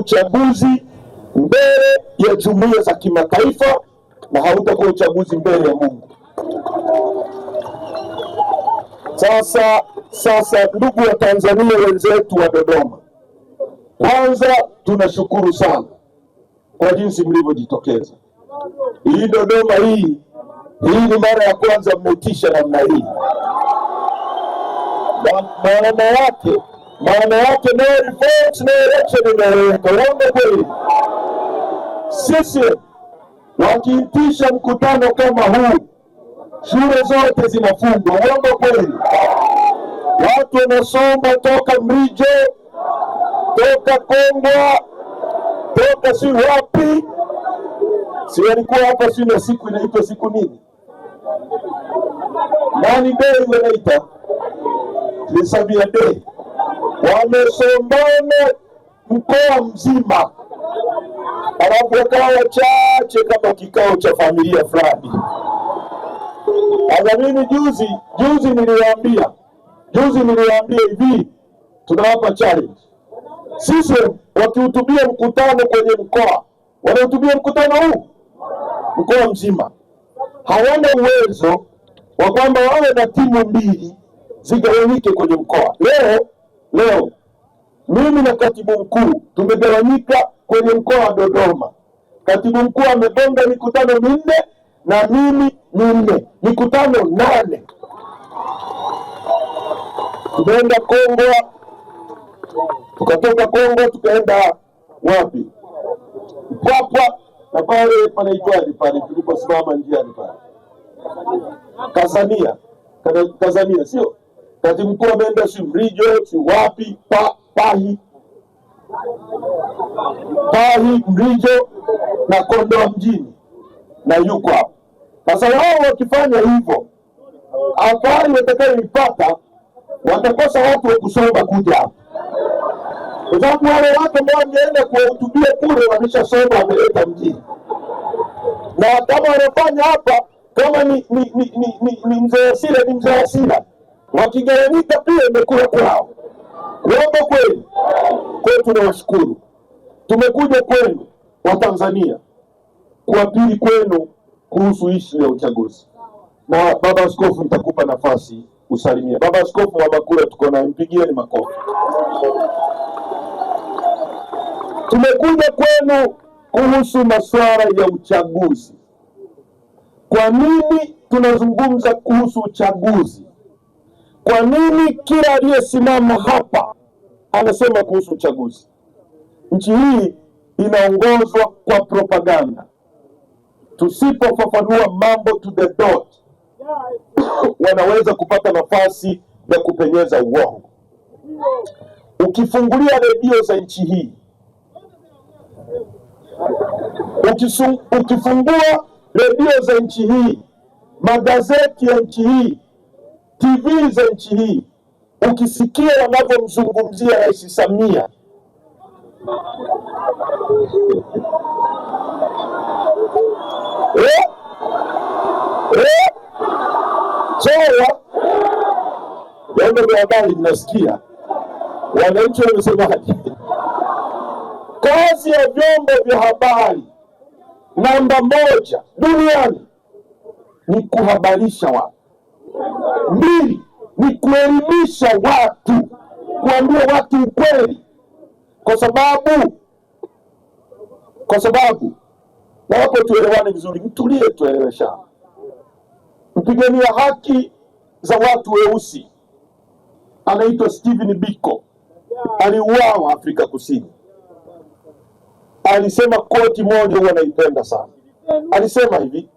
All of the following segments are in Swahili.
uchaguzi mbele ya jumuiya za kimataifa na hautakuwa uchaguzi mbele ya Mungu. Sasa sasa, ndugu wa Tanzania wenzetu wa Dodoma, kwanza tunashukuru sana kwa jinsi mlivyojitokeza. Hii Dodoma hii hii ni mara ya kwanza mmetisha namna hii, maana yake maana yake no reforms no election imeeleweka. Uongo kweli? Sisi wakiitisha mkutano kama huu, shule zote zinafungwa. Uongo kweli? Watu wanasoma toka Mrijo, toka Kongwa, toka si wapi, si walikuwa hapa, si na siku inaitwa siku nini, nani dei wanaita, ni Samia dei wamesombana mkoa mzima, alafu wakawa wachache kama kikao cha familia fulani. Sasa mimi juzi juzi niliwaambia juzi niliwaambia hivi, tunawapa challenge sisi, wakihutubia mkutano kwenye mkoa, wanahutubia mkutano huu mkoa mzima, hawana uwezo wa kwamba wawe na timu mbili zigawanyike kwenye mkoa leo Leo mimi na katibu mkuu tumegawanyika kwenye mkoa wa Dodoma. Katibu mkuu amegonga mikutano minne na mimi minne, mikutano nane. Tumeenda Kongwa, tukatoka Kongwa tukaenda wapi? Mpwapwa na pale panaitwaje pale tuliposimama njiani pale, Kazania, Kazania sio kati mkuu ameenda si Mrijo si wapi pa, Pahi Pahi Mrijo na Kondoa mjini na yuko hapa sasa. Wao wakifanya hivyo, athari watakayoipata watakosa watu wa kusoma kuja hapa, kwa sababu wale watu ambao wangeenda kuwahutubia kule wameshasoma, wameleta mjini, na kama wanafanya hapa kama ni mzee ni mzee Wakigawanyika pia imekuwa kwao. Kuomba kweli kwao, tunawashukuru. Tumekuja kwenu Watanzania kuapili kwenu kuhusu ishu ya uchaguzi, na baba askofu, nitakupa nafasi usalimia baba askofu wa Bakura. Tuko naye, mpigieni makofi. Tumekuja kwenu kuhusu masuala ya uchaguzi. Kwa nini tunazungumza kuhusu uchaguzi? Kwa nini kila aliyesimama hapa anasema kuhusu uchaguzi? Nchi hii inaongozwa kwa propaganda. Tusipofafanua mambo to the dot, wanaweza kupata nafasi ya kupenyeza uongo. Ukifungulia redio za nchi hii, ukifungua redio za nchi hii, magazeti ya nchi hii TV za nchi hii ukisikia wanavyomzungumzia Rais Samia eh? Eh? vyombo vya habari vinasikia, wananchi wamesemaje? Kazi ya vyombo vya habari namba moja duniani ni kuhabarisha watu Mbili ni kuelimisha watu, kuambia watu ukweli, kwa sababu kwa sababu na wapo, tuelewane vizuri, mtulie, tueleweshe. Mpigania haki za watu weusi anaitwa Steven Biko aliuawa Afrika Kusini. Alisema koti moja huwa naipenda sana, alisema hivi,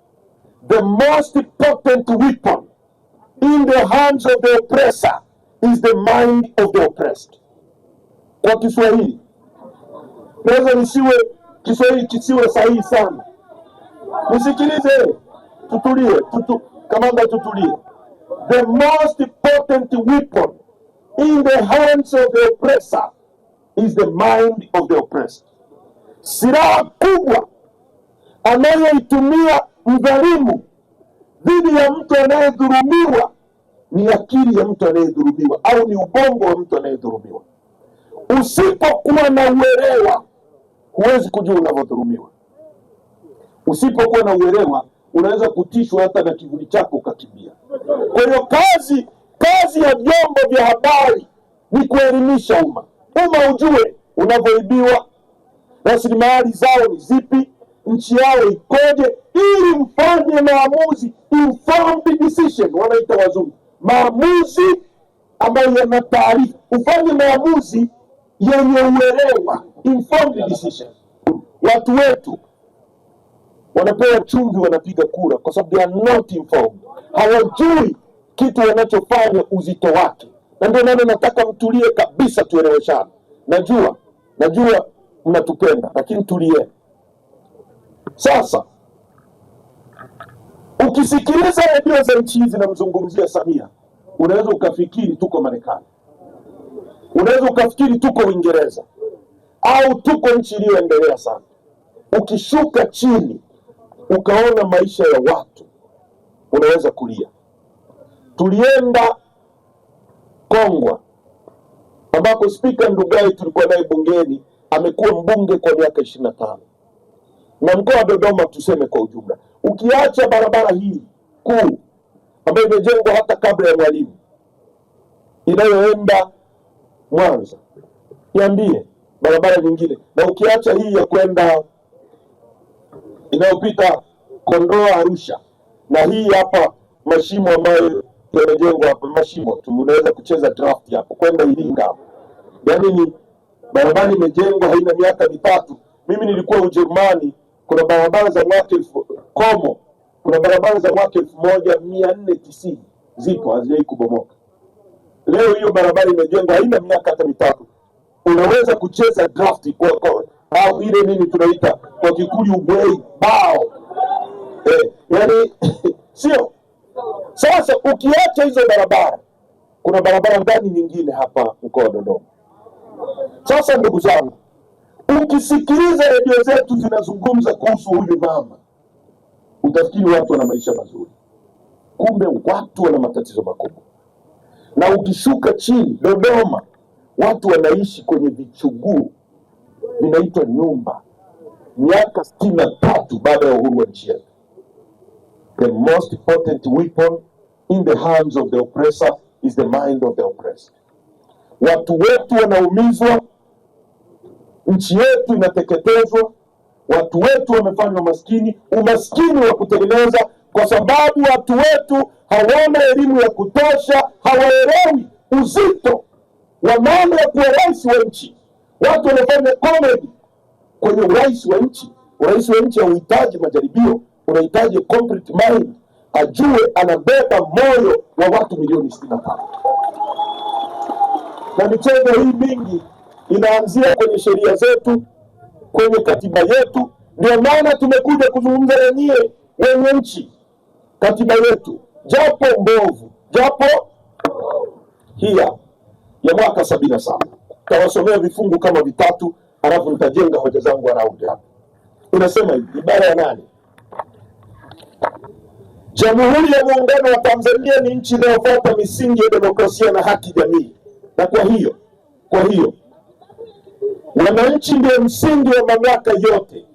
the most potent weapon in the hands of the oppressor is the mind of the oppressed. Kwa Kiswahili naweza nisiwe Kiswahili kisiwe sahihi sana, nisikilize, tutulie, tutu, kamanda tutulie. The most important weapon in the hands of the oppressor is the mind of the oppressed. Silaha kubwa anayoitumia mdhalimu dhidi ya mtu anayedhulumiwa ni akili ya mtu anayedhulumiwa au ni ubongo wa mtu anayedhulumiwa. Usipokuwa na uelewa, huwezi kujua unavyodhulumiwa. Usipokuwa na uelewa, unaweza kutishwa hata na kivuli chako ukakimbia. Kwa hiyo kazi kazi ya vyombo vya habari ni kuelimisha umma, umma ujue unavyoibiwa, rasilimali zao ni zipi nchi yao ikoje, ili mfanye maamuzi, informed decision wanaita wazungu, maamuzi ambayo yana taarifa, ufanye maamuzi yenye uelewa, informed decision. Watu wetu wanapewa chumvi, wanapiga kura kwa sababu they are not informed, hawajui kitu wanachofanya uzito wake, na ndio maana nataka mtulie kabisa, tueleweshane. Najua najua mnatupenda, lakini tulie. Sasa ukisikiliza redio za nchi hizi, namzungumzia Samia, unaweza ukafikiri tuko Marekani, unaweza ukafikiri tuko Uingereza au tuko nchi iliyoendelea sana. Ukishuka chini ukaona maisha ya watu, unaweza kulia. Tulienda Kongwa ambako spika Ndugai tulikuwa naye bungeni, amekuwa mbunge kwa miaka ishirini na tano na mkoa wa Dodoma tuseme kwa ujumla, ukiacha barabara hii kuu ambayo imejengwa hata kabla ya Mwalimu inayoenda Mwanza, niambie barabara nyingine, na ukiacha hii ya kwenda inayopita Kondoa Arusha, na hii hapa mashimo ambayo yamejengwa hapa, mashimo tu, unaweza kucheza draft hapo kwenda Iringa hapo, yaani ni barabara imejengwa haina miaka mitatu. Mimi nilikuwa Ujerumani kuna barabara za mwaka elfu Komo, kuna barabara za mwaka elfu moja mia nne tisini zipo hazijawai kubomoka. Leo hiyo barabara imejengwa haina miaka hata mitatu. Unaweza kucheza drafti kwa, kwa, au ile nini tunaita kwa Kikuyu ubwei bao eh, yani sio sasa. Ukiacha hizo barabara, kuna barabara ndani nyingine hapa mkoa wa Dodoma. Sasa ndugu zangu Ukisikiliza redio zetu zinazungumza kuhusu huyu mama, utafikiri watu wana maisha mazuri, kumbe watu wana matatizo makubwa. Na ukishuka chini Dodoma, watu wanaishi kwenye vichuguu vinaitwa nyumba, miaka sitini na tatu baada ya uhuru wa nchi yetu. The most potent weapon in the hands of the oppressor is the mind of the oppressed. Watu wetu wanaumizwa nchi yetu inateketezwa, watu wetu wamefanywa maskini, umaskini wa kutengeneza, kwa sababu watu wetu hawana elimu ya kutosha, hawaelewi uzito wa mambo ya kuwa rais wa nchi. Watu wanafanya comedy kwenye urais wa nchi. Urais wa nchi hauhitaji majaribio, unahitaji complete mind, ajue anabeba moyo wa watu milioni sitini na tano na michezo hii mingi inaanzia kwenye sheria zetu, kwenye katiba yetu. Ndio maana tumekuja kuzungumza na nyie wenye nchi, katiba yetu japo mbovu, japo hiya ya mwaka sabini na saba tawasomea vifungu kama vitatu, halafu nitajenga hoja zangu araundi hapo. Inasema hivi, ibara ya nane Jamhuri ya Muungano wa Tanzania ni nchi inayofuata misingi ya demokrasia na haki jamii, na kwa hiyo kwa hiyo Wananchi ndio msingi wa mamlaka yote,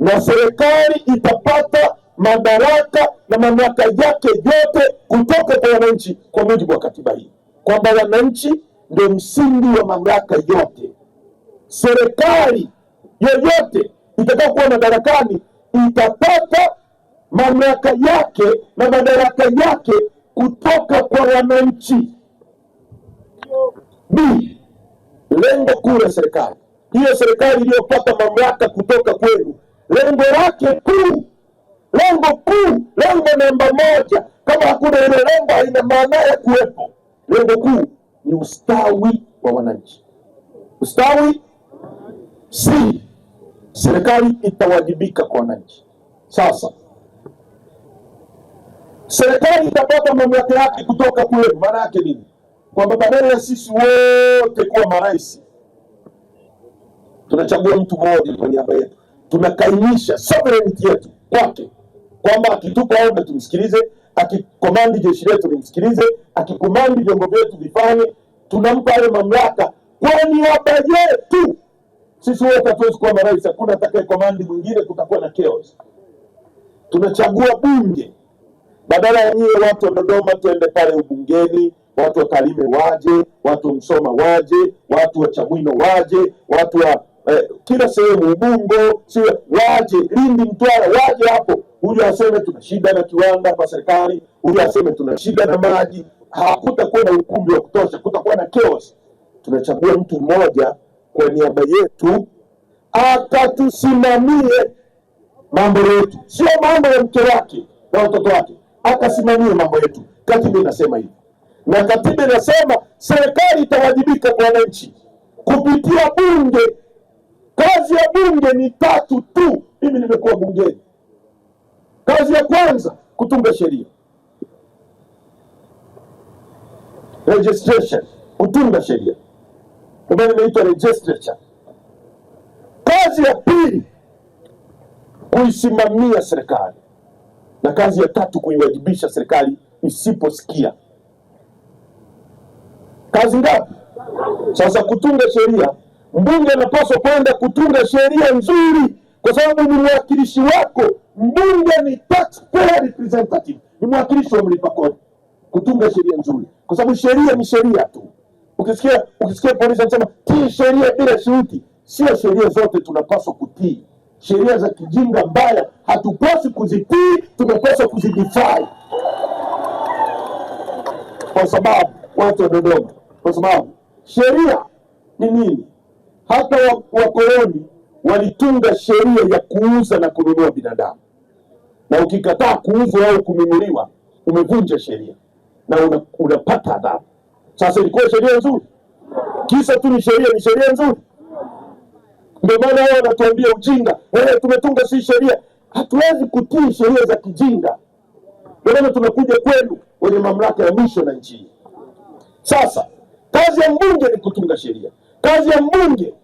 na serikali itapata madaraka na mamlaka yake yote kutoka kwa wananchi, kwa mujibu wa katiba hii, kwamba wananchi ndio msingi wa mamlaka yote. Serikali yoyote kuwa madarakani itapata mamlaka yake na madaraka yake kutoka kwa wananchi. B, lengo kuu la serikali hiyo serikali iliyopata mamlaka kutoka kwenu, lengo lake kuu, lengo kuu, lengo namba moja, kama hakuna ile lengo haina maana ya kuwepo. Lengo kuu ni ustawi wa wananchi, ustawi si serikali itawajibika kwa wananchi. Sasa serikali itapata mamlaka yake kutoka kwenu maana yake nini? Kwamba badala ya sisi wote kuwa marais tunachagua mtu mmoja kwa niaba yetu, tunakainisha sovereignty yetu kwake, kwamba akitupa ombe tumsikilize, akikomandi jeshi letu limsikilize, akikomandi vyombo vyetu vifanye. Tunampa ale mamlaka kwa niaba yetu. Sisi wote hatuwezi kuwa marais, hakuna atakaye komandi mwingine, kutakuwa na chaos. Tunachagua bunge badala ya nyie watu wa Dodoma tuende pale ubungeni, watu wa Kalime waje, watu wa Msoma waje, watu wa Chamwino waje, watu wa eh, kila sehemu Ubungo, si waje Lindi, Mtwara, waje hapo, huyu aseme tuna shida na kiwanda kwa serikali, huyu aseme tuna shida na maji. Hakutakuwa na ukumbi wa kutosha, kutakuwa na chaos. Tunachagua mtu mmoja kwa niaba yetu akatusimamie mambo yetu, sio mambo ya mke wake na watoto wake, akasimamie mambo yetu. Katiba inasema hivi, na katiba inasema serikali itawajibika kwa wananchi kupitia bunge Kazi ya bunge ni tatu tu. Mimi nimekuwa bungeni, kazi ya kwanza kutunga sheria, registration, kutunga sheria, ambayo inaitwa legislature. Kazi ya pili kuisimamia serikali, na kazi ya tatu kuiwajibisha serikali isiposikia. Kazi ngapi? Sasa kutunga sheria Mbunge anapaswa kwenda kutunga sheria nzuri, kwa sababu ni mwakilishi wako. Mbunge ni taxpayer representative, ni mwakilishi wa mlipa kodi, kutunga sheria nzuri, kwa sababu sheria ni sheria tu. Ukisikia ukisikia polisi anasema tii sheria bila shuruti, sio sheria zote tunapaswa kutii. Sheria za kijinga mbaya hatupaswi kuzitii, tunapaswa kuzidifai, kwa sababu watu wa Dodoma, kwa sababu sheria ni nini? Hata wakoloni walitunga sheria ya kuuza na kununua binadamu, na ukikataa kuuzwa au kununuliwa umevunja sheria na unapata una adhabu. Sasa ilikuwa sheria nzuri? Kisa tu ni sheria, ni sheria nzuri? Ndio maana wao wanatuambia ujinga, hey, tumetunga si sheria. Hatuwezi kutii sheria za kijinga. Ndio maana tunakuja kwenu wenye mamlaka ya mwisho na nchi. Sasa kazi ya mbunge ni kutunga sheria. Kazi ya mbunge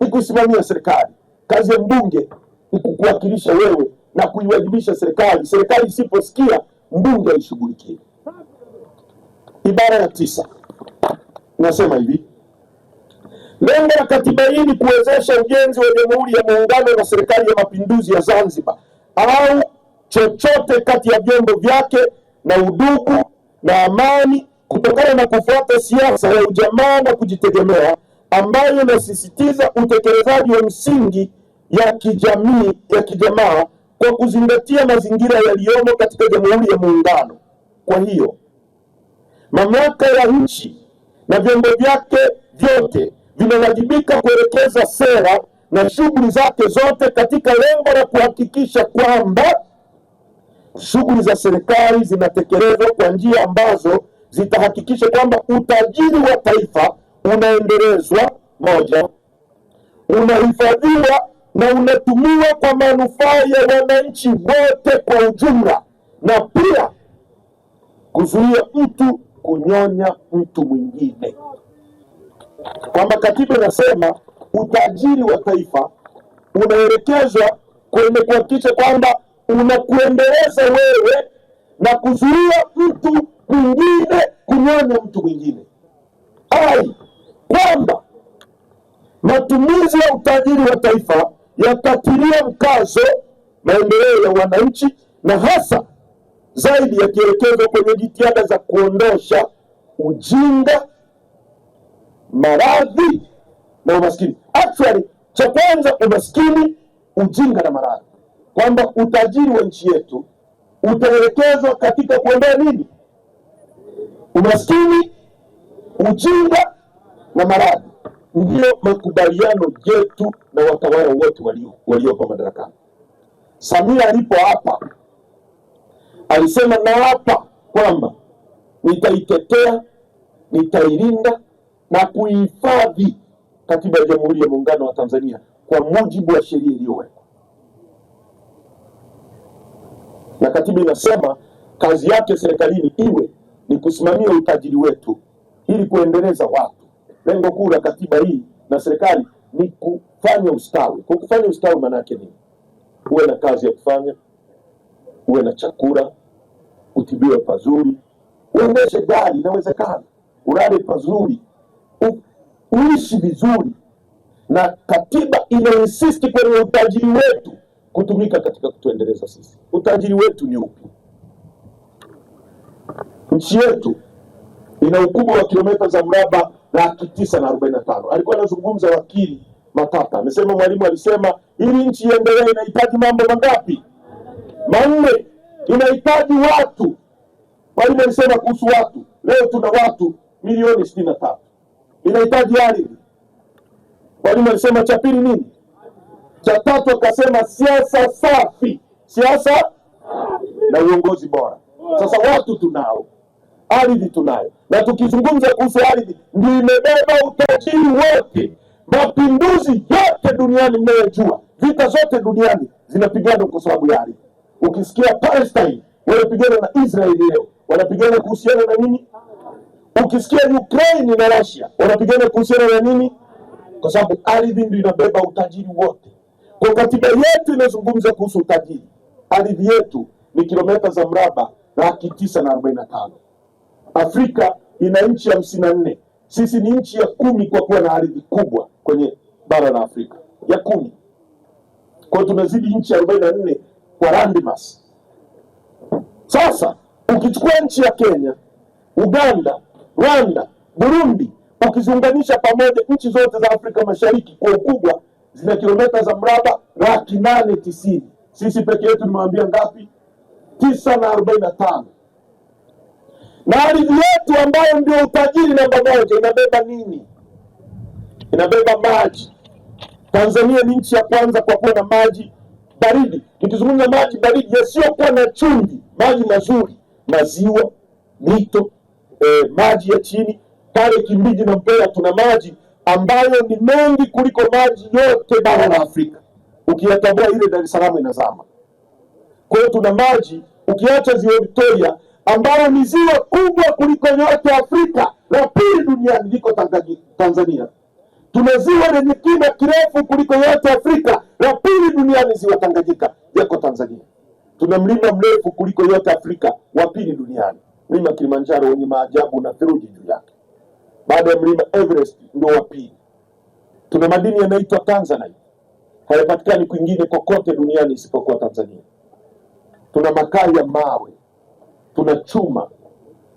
ni kusimamia serikali, kazi ya mbunge ni kukuwakilisha wewe na kuiwajibisha serikali. Serikali isiposikia mbunge aishughulikie. Ibara ya tisa nasema hivi: lengo la katiba hii ni kuwezesha ujenzi wa Jamhuri ya Muungano na Serikali ya Mapinduzi ya Zanzibar au chochote kati ya vyombo vyake na udugu na amani, kutokana na kufuata siasa ya ujamaa na kujitegemea ambayo inasisitiza utekelezaji wa msingi ya kijamii ya kijamaa kwa kuzingatia mazingira yaliyomo katika Jamhuri ya Muungano. Kwa hiyo mamlaka ya nchi na vyombo vyake vyote vinawajibika kuelekeza sera na shughuli zake zote katika lengo la kuhakikisha kwamba shughuli za serikali zinatekelezwa kwa njia ambazo zitahakikisha kwamba utajiri wa taifa unaendelezwa, moja, unahifadhiwa na unatumiwa kwa manufaa ya wananchi wote kwa ujumla, na pia kuzuia mtu kunyonya mtu mwingine, kwamba katiba inasema utajiri wa taifa unaelekezwa kwenye kuhakikisha kwamba unakuendeleza wewe na kuzuia mtu mwingine kunyonya mtu mwingine ai kwamba matumizi ya utajiri wa taifa yatatilia mkazo maendeleo ya wananchi na hasa zaidi yakielekezwa kwenye jitihada za kuondosha ujinga, maradhi na umaskini. Actually, cha kwanza umaskini, ujinga na maradhi, kwamba utajiri wa nchi yetu utaelekezwa katika kuondoa nini? Umaskini, ujinga na maradhi. Ndiyo makubaliano yetu na watawala wote walioko madarakani. Samia alipo hapa alisema na hapa kwamba nitaitetea, nitailinda na kuhifadhi katiba ya Jamhuri ya Muungano wa Tanzania kwa mujibu wa sheria iliyowekwa, na katiba inasema kazi yake serikalini iwe ni kusimamia utajiri wetu ili kuendeleza watu Lengo kuu la katiba hii na serikali ni kufanya ustawi. Kwa kufanya ustawi, maana yake nini? Uwe na kazi ya kufanya, uwe na chakula, utibiwe pazuri, uendeshe gari, inawezekana, ulale pazuri, uishi vizuri. Na katiba inainsisti kwenye utajiri wetu kutumika katika kutuendeleza sisi. Utajiri wetu ni upi? Nchi yetu ina ukubwa wa kilomita za mraba laki tisa na arobaini na tano. Alikuwa anazungumza wakili Matata amesema, Mwalimu alisema ili nchi iendelee inahitaji mambo mangapi? Manne. Inahitaji watu. Mwalimu alisema kuhusu watu, leo tuna watu milioni sitini na tatu. Inahitaji ardhi. Mwalimu alisema cha pili nini? Cha tatu akasema siasa safi, siasa na uongozi bora. Sasa watu tunao ardhi tunayo, na tukizungumza kuhusu ardhi ndio imebeba utajiri wote. Mapinduzi yote duniani mnayojua, vita zote duniani zinapigana kwa sababu ya ardhi. Ukisikia Palestine wanapigana na Israeli leo, wanapigana kuhusiana na nini? Ukisikia Ukraine na Russia wanapigana kuhusiana na nini? Kwa sababu ardhi ndio inabeba utajiri wote. Kwa katiba yetu inazungumza kuhusu utajiri. Ardhi yetu ni kilometa za mraba laki tisa na arobaini na tano. Afrika ina nchi hamsini na nne. Sisi ni nchi ya kumi kwa kuwa na ardhi kubwa kwenye bara la Afrika, ya kumi. Kwa hiyo nchi arobaini na nne kwa landmass. Sasa ukichukua nchi ya Kenya, Uganda, Rwanda, Burundi, ukiziunganisha pamoja, nchi zote za Afrika Mashariki kwa ukubwa zina kilomita za mraba laki nane tisini. Sisi peke yetu nimewaambia ngapi? tisa na arobaini na tano na ardhi yetu ambayo ndio utajiri namba moja inabeba nini? Inabeba maji. Tanzania ni nchi ya kwanza kwa kuwa na maji baridi. Nikizungumza maji baridi yasiyokuwa na chumvi, maji mazuri, maziwa, mito, e, maji ya chini pale Kimbiji na Mbeya tuna maji ambayo ni mengi kuliko maji yote bara la Afrika. Ukiyatambua ile Dar es Salaam inazama. Kwa hiyo tuna maji, ukiacha ziwa Victoria ambalo ni ziwa kubwa kuliko yote Afrika, la pili duniani liko Tanzania. Tuna ziwa lenye kina kirefu kuliko yote Afrika, la pili duniani, ziwa Tanganyika yako Tanzania. Tuna mlima mrefu kuliko yote Afrika, wa pili duniani, mlima Kilimanjaro wenye maajabu na theluji juu yake. Baada ya mlima Everest ndio wa pili. Tuna madini yanaitwa Tanzanite, hayapatikani kwingine kokote duniani isipokuwa Tanzania. Tuna makaa ya mawe tuna chuma.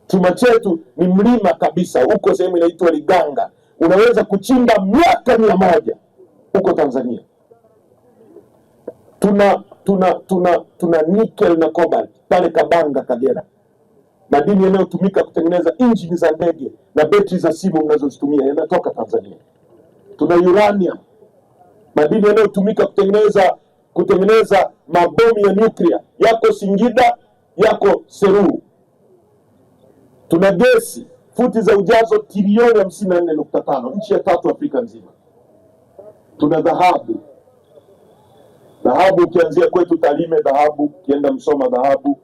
Chuma chetu ni mlima kabisa, huko sehemu inaitwa Liganga, unaweza kuchimba miaka mia moja huko Tanzania. Tuna tuna tuna tuna nikel na cobalt pale Kabanga, Kagera, madini yanayotumika kutengeneza injini za ndege na betri za simu unazozitumia yanatoka Tanzania. Tuna uranium, madini yanayotumika kutengeneza kutengeneza mabomu ya nuklia yako Singida yako Seru. Tuna gesi futi za ujazo trilioni hamsini na nne nukta tano nchi ya tatu Afrika nzima. Tuna dhahabu dhahabu, ukianzia kwetu talime dhahabu, ukienda Msoma dhahabu,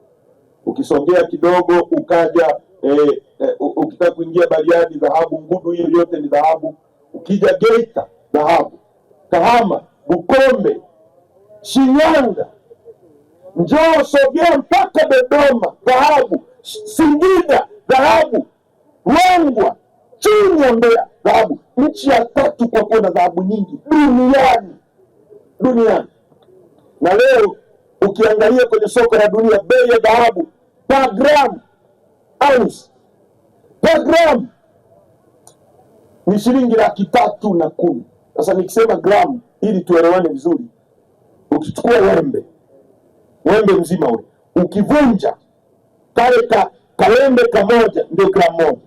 ukisongea kidogo ukaja eh, eh, ukitaka kuingia Bariadi dhahabu, Ngudu, hiyo yote ni dhahabu. Ukija Geita dhahabu, Kahama, Bukombe, Shinyanga njoo sogea mpaka Dodoma, dhahabu Singida, dhahabu Rongwa, chini ya Mbeya, dhahabu. Nchi ya tatu kwa kuwa na dhahabu nyingi duniani, duniani. Na leo ukiangalia kwenye soko la dunia, bei ya dhahabu per gram ounce per gram ni shilingi laki tatu na kumi. Sasa nikisema gramu ili tuelewane vizuri, ukichukua wembe wembe mzima ule ukivunja kale ka, kalembe kamoja ndio gramu moja,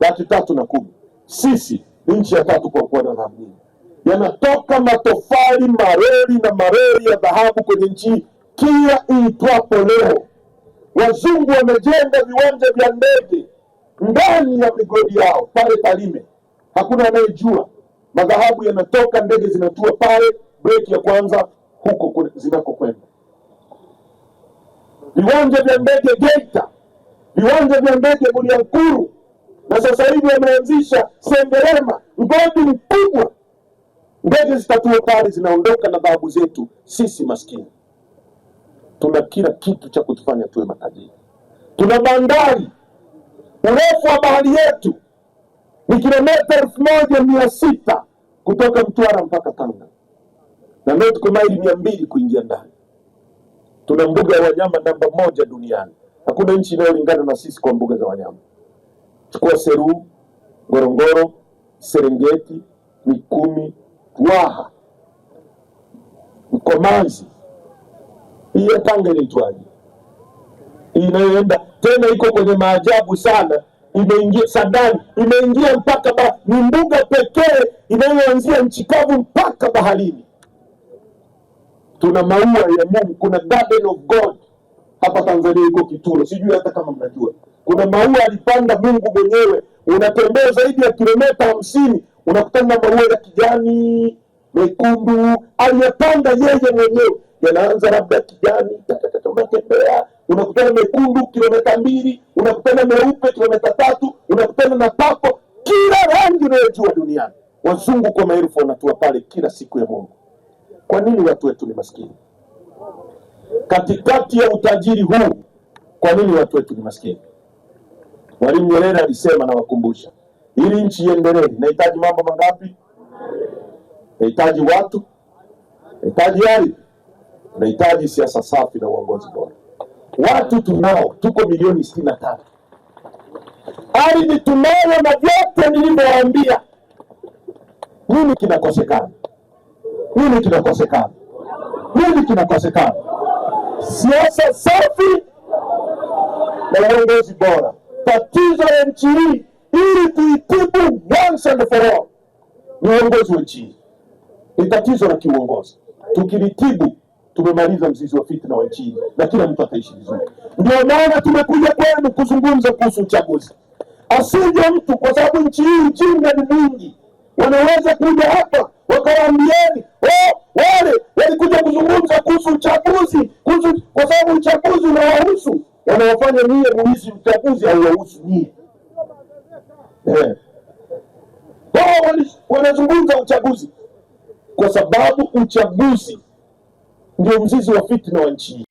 laki tatu na kumi. Sisi ni nchi ya tatu kwa kuwa na dhahabu nyingi. Yanatoka matofali mareli na mareli ya dhahabu kwenye nchi kila iitwapo leo. Wazungu wamejenga viwanja vya ndege ndani ya migodi yao pale Tarime, hakuna anayejua madhahabu yanatoka, ndege zinatua pale breki ya kwanza huko zinakokwenda viwanja vya ndege Geita, viwanja vya ndege Bulyanhulu, na sasa hivi wameanzisha Sengerema, mgodi mkubwa. Ndege zitatua pale, zinaondoka na babu zetu. Sisi maskini tuna kila kitu cha kutufanya tuwe matajiri. Tuna bandari, urefu wa bahari yetu ni kilometa elfu moja mia sita kutoka Mtwara mpaka Tanga, na ndio tuko maili mia mbili kuingia ndani. Tuna mbuga ya wanyama namba moja duniani. Hakuna nchi inayolingana na sisi kwa mbuga za wanyama. Chukua Seru, Ngorongoro, Serengeti, Mikumi, Waha, Mkomazi, hiyo ya Tanga inaitwaje, inayoenda tena iko kwenye maajabu sana, imeingia Sadani, imeingia mpaka ni mbuga pekee inayoanzia nchi kavu mpaka baharini tuna maua ya Mungu, kuna garden of God hapa Tanzania iko Kituro, sijui hata kama mnajua. Kuna maua alipanda Mungu mwenyewe. Unatembea zaidi ya kilomita hamsini unakutana na maua ya kijani mekundu, aliyapanda yeye mwenyewe. Yanaanza labda kijani, unatembea unakutana mekundu kilomita mbili, unakutana meupe kilomita tatu, unakutana na papo, kila rangi unayojua duniani. Wazungu kwa maelfu wanatua pale kila siku ya Mungu. Kwa nini watu wetu ni maskini? Katikati ya utajiri huu, kwa nini watu wetu ni maskini? Mwalimu Nyerere alisema, nawakumbusha, ili nchi iendelee inahitaji mambo mangapi? Inahitaji watu, inahitaji ardhi, inahitaji siasa safi na uongozi bora. Watu tunao, tuko milioni sitini na tatu. Ardhi tunayo, na vyote nilivyowaambia, nini kinakosekana? hili tunakosekana, hili tunakosekana. Siasa safi na uongozi bora, tatizo la nchi hii ili tuitibu once and for all ni uongozi wa nchi hii. Ni tatizo la kiuongozi, tukilitibu tumemaliza mzizi wa fitna wa nchi na kila mtu ataishi vizuri. Ndio maana tumekuja kwenu kuzungumza kuhusu uchaguzi, asije mtu, kwa sababu nchi hii ujinga ni mwingi, wanaweza kuja hapa wakawaambieni oh, wale walikuja kuzungumza kuhusu uchaguzi, kwa sababu uchaguzi unawahusu wanawafanya nyie muhisi uchaguzi hauwahusu nyie. Eh. Wao wanazungumza uchaguzi kwa sababu uchaguzi ndio mzizi wa fitina wa nchi hii.